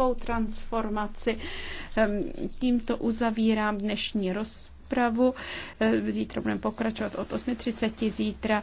hlubokou transformaci. Tímto uzavírám dnešní rozpravu. Zítra budeme pokračovat od 8.30. Zítra